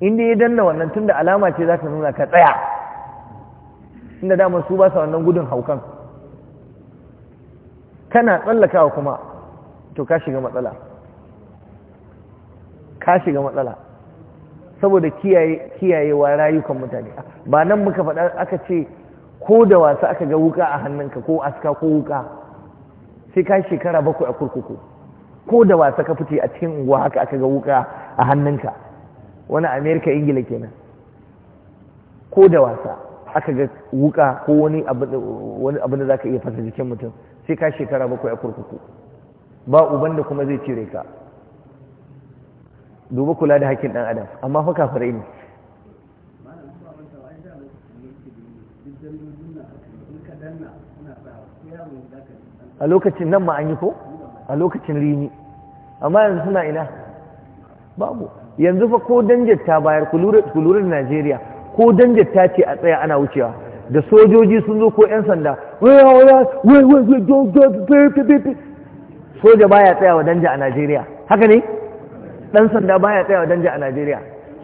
inda ya danna wannan tunda alama ce za ta nuna ka tsaya inda dama su ba sa wannan gudun haukan kana tsallakawa kuma to ka shiga matsala ka shiga matsala saboda kiyayewa rayukan mutane ba nan muka faɗa aka ce ko da wasa aka ga wuka a hannunka ko aska ko wuka sai ka shekara bakwai a kurkuku ko da wasa ka fice a cikin unguwa haka aka ga wuka a hannunka wani amerika ingila kenan ko da wasa aka ga wuka ko wani abin da za ka iya fasa jikin mutum sai ka shekara bakwai a kurkuku ba uban da kuma zai cire ka duba kula da haƙƙin ɗan adam amma fa kafirai ne a lokacin nan ma an yi ko a lokacin rini amma yanzu suna ina babu yanzu fa ko danjar ta bayar ku najeriya ko danjar ta ce a tsaya ana wucewa da sojoji sun zo ko 'yan sanda soja baya tsayawa danja a najeriya haka ne ɗan sanda baya tsayawa danja a najeriya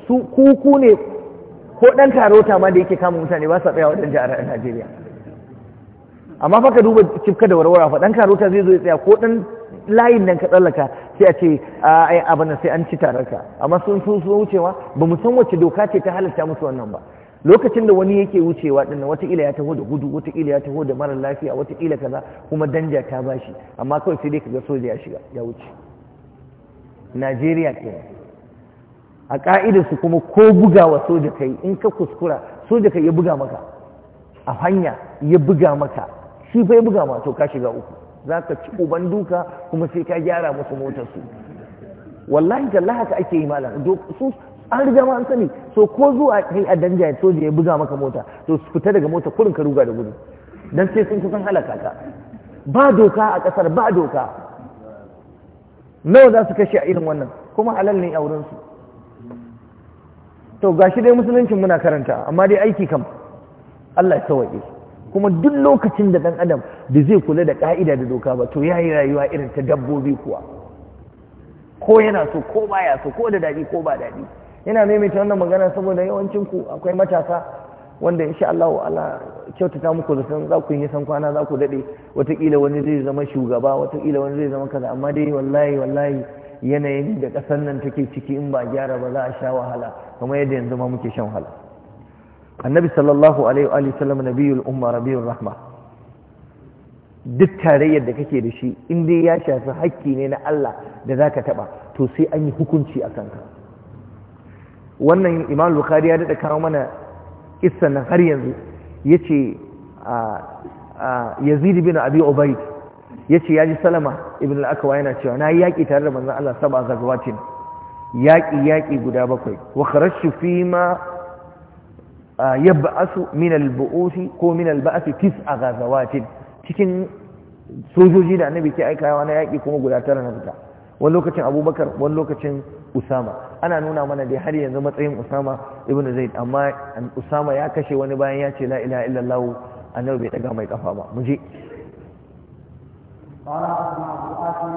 su kuku ne ko ɗan tarota ma da yake kama mutane ba sa tsayawa danja a najeriya amma fa ka duba cifka da warwara fa ɗan tarota zai zo ya tsaya ko ɗan layin nan ka tsallaka sai a ce ai abin sai an ci tararka amma sun sun wucewa ba mu san wacce doka ce ta halarta musu wannan ba lokacin da wani yake wucewa wata wataƙila ya taho da gudu wataƙila ya taho da mara lafiya wataƙila kaza kuma danja ta bashi amma kawai sai dai kaga soja ya shiga ya wuce Najeriya kenan a su kuma ko bugawa soja kai in ka kuskura soja kai ya buga maka a hanya ya buga maka shi fa ya buga ma to ka shiga uku za ka ci uban duka kuma sai ka gyara musu motar su wallahi tallahi haka ake yi malam an riga ma an sani so ko zuwa kai a danja ya soja ya buga maka mota to su fita daga mota kurin ka ruga da gudu dan sai sun kusan halaka ka ba doka a kasar ba doka nawa za su kashe a irin wannan kuma halal ne a wurin su to gashi dai musuluncin muna karanta amma dai aiki kam Allah ya tawaye kuma duk lokacin da dan adam da zai kula da ka'ida da doka ba to yayi rayuwa irin ta dabbobi kuwa ko yana so ko baya so ko da dadi ko ba dadi ina maimaita wannan magana saboda yawancin ku akwai matasa wanda insha Allah Allah kyautata muku da san za ku yi san kwana za ku dade watakila wani zai zama shugaba wataƙila wani zai zama kaza amma dai wallahi wallahi yanayin da ƙasar nan take ciki in ba gyara ba za a sha wahala kamar yadda yanzu ma muke shan wahala annabi sallallahu alaihi wa sallam nabiyul umma rabiul rahma duk tarayyar da kake da shi in dai ya shafi hakki ne na Allah da zaka taba to sai an yi hukunci akan ka. wannan imam bukhari ya daɗa kawo mana kisan nan har yanzu ya ce yazid bin abi ya ce ya ji salama ibn al'akawa yana cewa na yi yaƙi tare da manzan Allah saba a zagawacin yaƙi yaƙi guda bakwai wa kharashu fi ma ya ba'asu min al-bu'usi ko min al-ba'asi tis a gazawatin cikin sojoji da annabi ke aikawa na yaƙi kuma guda tara na fita wani lokacin abubakar wani lokacin usama ana nuna mana dai har yanzu matsayin usama ibn zaid amma usama ya kashe wani bayan ya ce la ilaha illallah annabi bai daga mai kafa ba mu je قال حدثنا ابو عاصم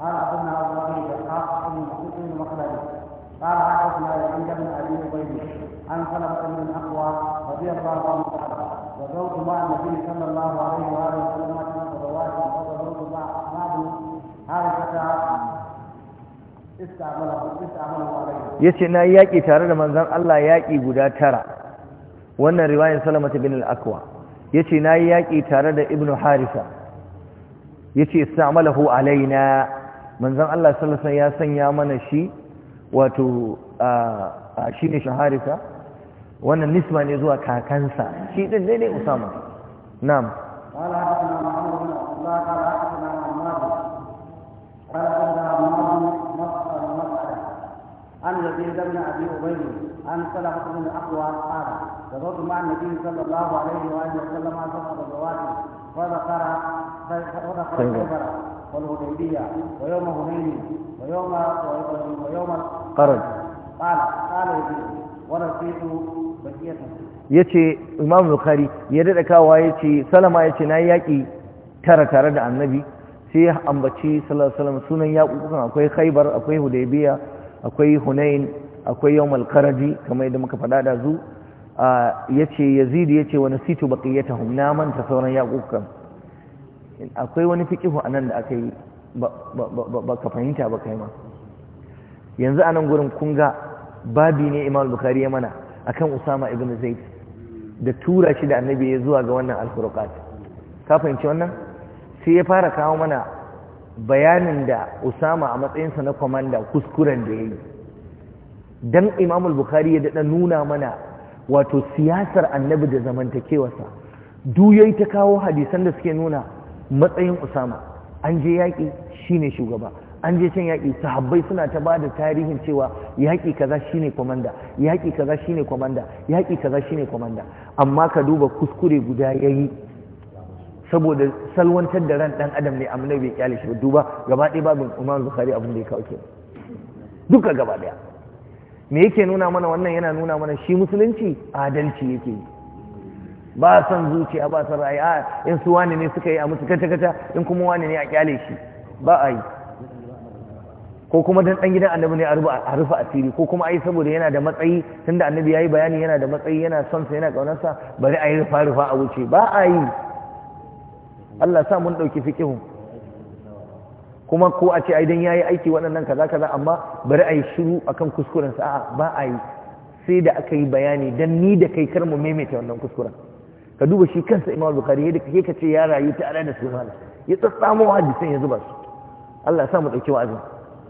قال حدثنا ابو بكر بن اسحاق بن مسعود بن مخلد قال حدثنا يحيى بن ابي عبيد عن سلمه بن الاقوى رضي الله عنه قال وزوج مع النبي صلى الله عليه واله وسلم خمس صلوات وزوج مع بعض هذا الفتى yace ce na yi yaƙi tare da manzan Allah yaƙi guda tara wannan riwayar salamata bin al'akwa ya ce na yi yaƙi tare da ibnu harisa yace ce sa'amalahu alaina manzan Allah ya sanya mana shi wato shi ne shi harisa wannan nisma ne zuwa kakansa shi ɗin ne ne usama nam قال عن يزيد بن ابي ابي عن سلمه بن الاقوى قال غزوت مع النبي صلى الله عليه واله وسلم سبع غزوات وذكر وذكر خيبر والهديبيه ويوم هنين ويوم ويوم قرن قال قال يزيد ورسيت بقيته yace imam bukhari ya dada kawa yace salama yace nayi yaki tara tare da annabi sai ya ambaci sallallahu alaihi wasallam sunan yaƙuƙukan akwai khaybar akwai hudaybiya akwai hunain akwai yau malkaraji kamar yadda muka fada da zu yace ya yace wani situ baqiyatahum na manta sauran yaqukan akwai wani fiqihu anan da aka yi ba ka fahimta ba kai ma yanzu anan gurin kunga babi ne Imam bukari ya mana akan Usama ibn Zaid da tura shi da annabi ya zuwa ga wannan al ka fahimci wannan sai ya fara kawo mana bayanin da usama a matsayinsa na kwamanda kuskuren da ya yi don imamul bukari ya daɗa nuna mana wato siyasar annabi da zamantakewarsa duyai ta kawo hadisan da suke nuna matsayin usama an je yaƙi shine shugaba an je can yaƙi sahabbai suna ta ba da tarihin cewa yaƙi kaza shine kwamanda yaƙi kaza shine kwamanda yaƙi kaza shine kwamanda amma ka duba kuskure guda ya yi saboda salwantar da ran dan adam ne amma bai kyale shi ba duba gaba ɗaya babu Imam Bukhari abin da ya kawo kenan duka gaba ɗaya me yake nuna mana wannan yana nuna mana shi musulunci adalci yake yi ba son zuciya ba son ra'ayi in su wani ne suka yi a musu kata kata in kuma wani ne a kyale shi ba a yi ko kuma dan dan gidan annabi ne a rufe asiri ko kuma ai saboda yana da matsayi tunda annabi yayi bayani yana da matsayi yana son sa yana kaunarsa bari a yi rufa rufa a wuce ba a yi Allah sa mun ɗauki fikihu kuma ko a ce aidan ya yi aiki waɗannan kaza kaza amma bari a yi shiru a kan kuskuren sa'a ba a yi sai da aka yi bayani don ni da kai kar mu maimaita wannan kuskuren ka duba shi kansa imam bukari yadda ke ka ce ya rayu ta da su mana ya tsatsamo hadisan ya zuba su Allah sa mu ɗauki wa'azin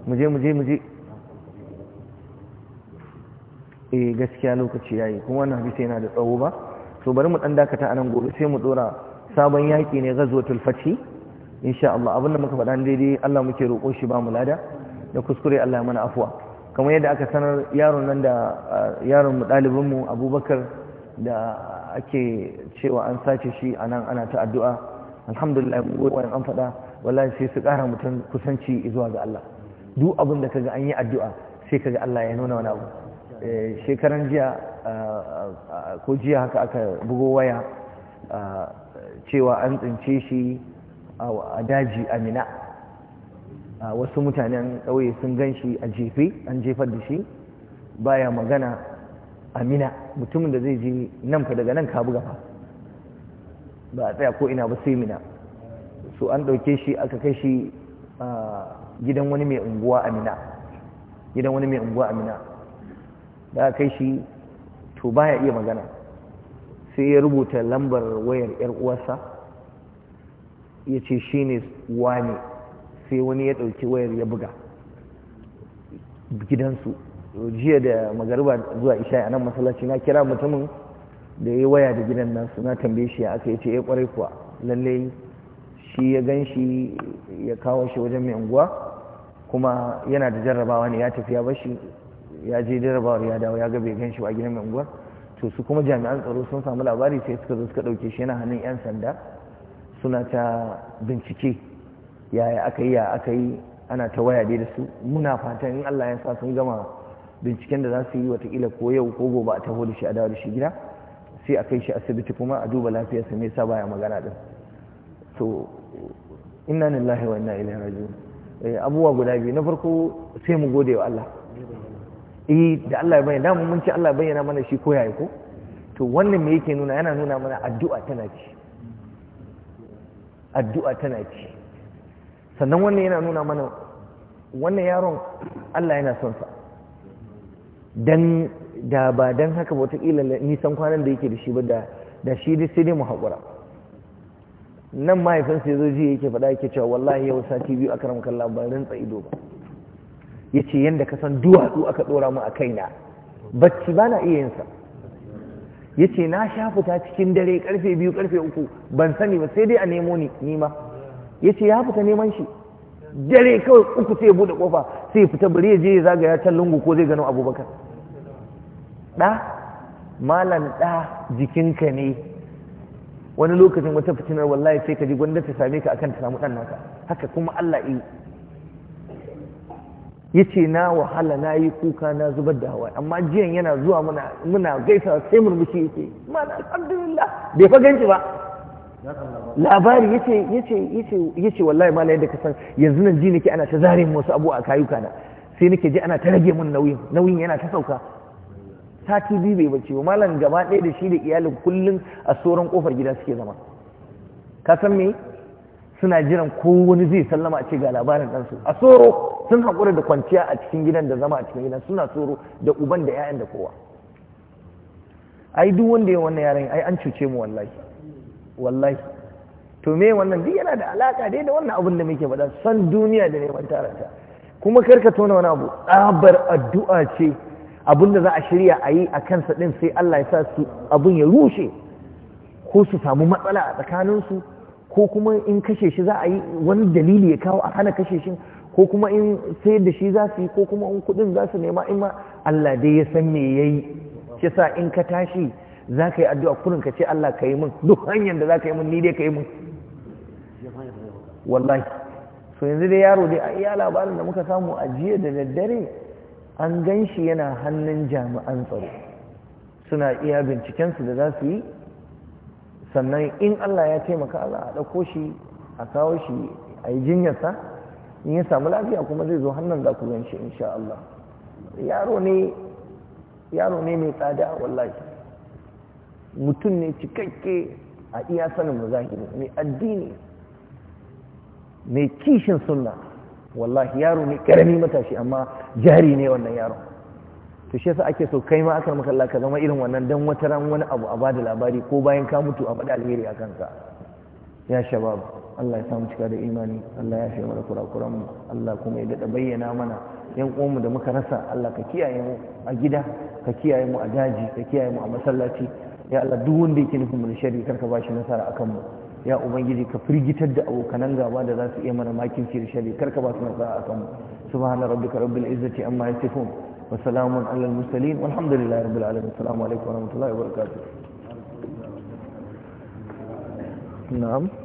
mu je mu je mu je eh gaskiya lokaci yayi kuma wannan hadisi yana da tsawo ba to bari mu dan dakata anan gobe sai mu dora sabon yaƙi ne ghazwatul fathi insha Allah abin da muka faɗa daidai Allah muke roƙo shi ba mu lada da kuskure Allah mana afuwa kamar yadda aka sanar yaron nan da eh, yaron mu ɗalibin mu Abubakar da ake cewa an sace shi a nan ana ta addu'a alhamdulillah wayan an faɗa wallahi sai su ƙara mutum kusanci zuwa ga Allah duk abin da kaga an yi addu'a sai kaga Allah ya nuna wani abu eh, shekaran jiya eh, ko jiya haka aka bugo waya cewa an tsince shi a daji amina wasu mutanen ƙauye sun gan shi a jefe an jefar da shi baya magana amina mutumin da zai je nan fa daga nan ka buga fa ba a tsaya ko ina ba sai mina so an ɗauke shi aka kai shi gidan wani mai unguwa amina gidan wani mai unguwa amina da aka kai shi to baya iya magana sai ya rubuta lambar wayar 'yar uwarsa ya ce shi ne wani sai wani ya ɗauki wayar ya buga gidansu jiya da magariba zuwa isha a nan masallaci na kira mutumin da ya waya da gidan nasu na tambaye shi ya aka ce ya eh, kwarai kuwa lalle shi ya gan shi ya kawo shi wajen mai unguwa kuma yana da jarrabawa ne ya tafi ya bashi ya je jarrabawar ya dawo ya ga bai gan shi ba gidan mai unguwa to su kuma jami'an tsaro sun samu labari sai suka zo suka ɗauke shi yana hannun 'yan sanda suna ta bincike yaya aka yi ya aka yi ana ta waya da su muna fatan in Allah ya sa sun gama binciken da za su yi watakila ko yau ko gobe a taho da shi a dawo da shi gida sai a kai shi asibiti kuma a duba sa me yasa baya magana din to inna lillahi wa inna ilaihi raji'un eh, abubuwa guda biyu na farko sai mu gode wa Allah eh da Allah ya bayyana damu mun ci Allah ya bayyana mana shi ko yayi ko to wannan me yake nuna yana nuna mana addu'a tana ci addu'a tana ci sannan wannan yana nuna mana wannan yaron Allah yana son sa dan da ba dan haka ba wataƙila nisan kwanan da yake da shi ba da da shi da sai dai mu haƙura nan mahaifinsa ya zo ji yake faɗa yake cewa wallahi yau sati biyu a karamkan labarin tsaido ba ya ce yadda ka san duwatsu aka ɗora mu a kai na bacci ba na iya yinsa ya ce na sha fita cikin dare karfe biyu karfe uku ban sani ba sai dai a nemo ni nima ya ce ya fita neman shi dare kawai uku sai ya buɗe kofa sai ya fita bari ya je ya zagaya can lungu ko zai gano abubakar ɗa malam ɗa jikinka ne wani lokacin wata fitinar wallahi sai ka ji gwanda ta same ka akan ta samu ɗan naka haka kuma Allah yi ya ce na wahala na yi kuka na zubar da hawa amma jiyan yana zuwa muna gaisa sai murmushi ya ce mana alhamdulillah bai fa ba labari ya ce ya ce ya yadda ka san yanzu nan ji nake ana ta zare mu wasu abu a kayuka na sai nake ji ana ta rage mun nauyin nauyin yana ta sauka sati biyu bai bace ba malam gaba ɗaya da shi da iyalin kullum a tsoron kofar gida suke zama ka san me suna jiran ko wani zai sallama a ce ga labarin ɗansu a tsoro sun haƙura da kwanciya a cikin gidan da zama a cikin gidan suna tsoro da uban da 'ya'yan da kowa ai duk wanda ya wannan yaran ai an cuce mu wallahi wallahi to me wannan duk yana da alaka dai da wannan abin da muke faɗa san duniya da neman taranta kuma kar ka tona wani abu tsabar addu'a ce abin da za a shirya a yi a kansa ɗin sai Allah ya sa su abin ya rushe ko su samu matsala a tsakaninsu ko kuma in kashe shi za a yi wani dalili ya kawo a hana kashe shi ko kuma in sayar da shi za su yi ko kuma in kudin za su nema in Allah dai ya san me yayi shi sa in ka tashi za ka yi addu'a kurin ka ce Allah ka yi min duk hanyar da za ka yi min ni dai ka yi min wallahi so yanzu dai yaro dai a iya labarin da muka samu a jiya da daddare an gan shi yana hannun jami'an tsaro suna iya bincikensu da za su yi sannan in Allah ya taimaka Allah a ɗauko shi a kawo shi a yi jinyarsa in ya samu lafiya kuma zai zo hannun za ku gan shi insha Allah yaro ne mai tsada wallahi mutum ne cikakke a iya sanin muzahiri mai addini mai kishin sunna wallahi yaro ne karami matashi amma jari ne wannan yaron to shi yasa ake so kai ma aka maka Allah ka zama irin wannan dan wata ran wani abu a bada labari ko bayan ka mutu a faɗa alheri a kanka ya shabab Allah ya samu cika da imani Allah ya fi mana kurakuran mu Allah kuma ya dada bayyana mana yan uwanmu da muka rasa Allah ka kiyaye mu a gida ka kiyaye mu a daji ka kiyaye mu a masallaci ya Allah duk wanda yake nufin mu da shari karka ba shi nasara akan mu ya ubangiji ka firgitar da abokanan gaba da za su iya mana makinci da shari karka ba su nasara akan mu subhana rabbika rabbil izzati amma yasifun وسلام على المرسلين والحمد لله رب العالمين السلام عليكم ورحمة الله وبركاته نعم